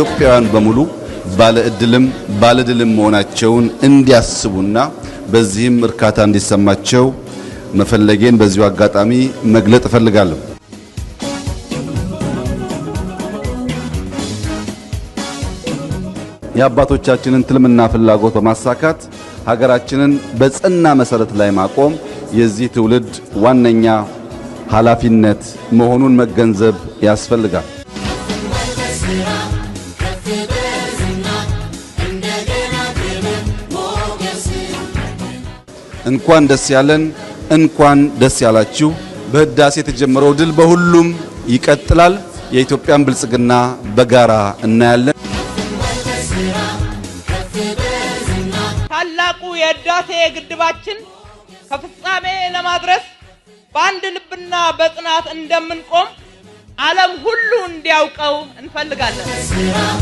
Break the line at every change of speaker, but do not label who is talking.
ኢትዮጵያውያን በሙሉ ባለ እድልም ባለ ድልም መሆናቸውን እንዲያስቡና በዚህም እርካታ እንዲሰማቸው መፈለጌን በዚሁ አጋጣሚ መግለጥ እፈልጋለሁ። የአባቶቻችንን ትልምና ፍላጎት በማሳካት ሀገራችንን በጸና መሰረት ላይ ማቆም የዚህ ትውልድ ዋነኛ ኃላፊነት መሆኑን መገንዘብ ያስፈልጋል። እንኳን ደስ ያለን፣ እንኳን ደስ ያላችሁ። በህዳሴ የተጀመረው ድል በሁሉም ይቀጥላል። የኢትዮጵያን ብልጽግና በጋራ እናያለን።
ታላቁ የህዳሴ ግድባችን ከፍጻሜ ለማድረስ በአንድ ልብና በጽናት እንደምንቆም ዓለም ሁሉ እንዲያውቀው እንፈልጋለን።